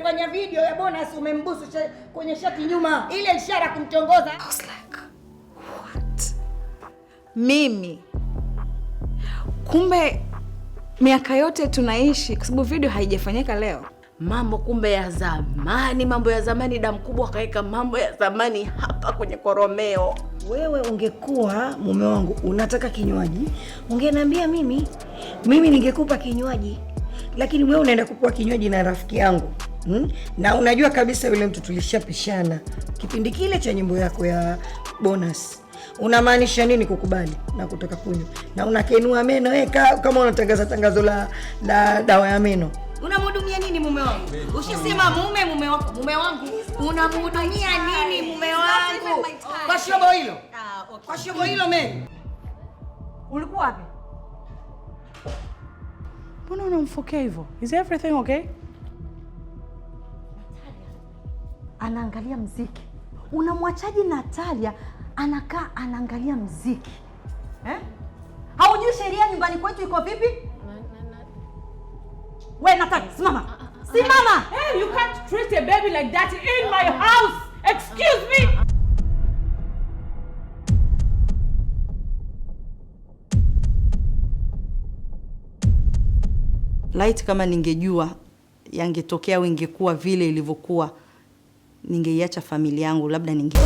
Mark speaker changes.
Speaker 1: umedanganya video ya bonus, umembusu kwenye shati nyuma, ile ishara kumtongoza.
Speaker 2: I was like, what? Mimi kumbe miaka yote tunaishi kwa sababu video haijafanyika leo. Mambo kumbe ya zamani, mambo ya zamani. Damu kubwa akaweka mambo ya zamani hapa kwenye koromeo. Wewe ungekuwa mume wangu, unataka kinywaji, ungeniambia mimi, mimi ningekupa kinywaji, lakini wewe unaenda kupewa kinywaji na rafiki yangu. Hmm? Na unajua kabisa yule mtu tulishapishana kipindi kile cha nyimbo yako ya bonus. Unamaanisha nini kukubali na kutaka kunywa? Na unakenua meno eh, kama unatangaza tangazo la, la dawa ya meno. Unamhudumia nini mume wangu? Ushasema mume mume wako, mume wangu. Unamhudumia nini mume wangu? Kwa shobo hilo. Kwa shobo hilo me, Ulikuwa wapi? Mbona unamfokea hivyo? Is everything okay? anaangalia mziki. Unamwachaji Natalia anakaa anaangalia mziki eh? Haujui sheria nyumbani kwetu iko vipi? We Natalia, simama simama!
Speaker 3: Hey, you can't treat a baby like that in my house. Excuse me.
Speaker 4: Light, kama ningejua yangetokea ingekuwa vile ilivyokuwa ningeiacha familia yangu, labda ninge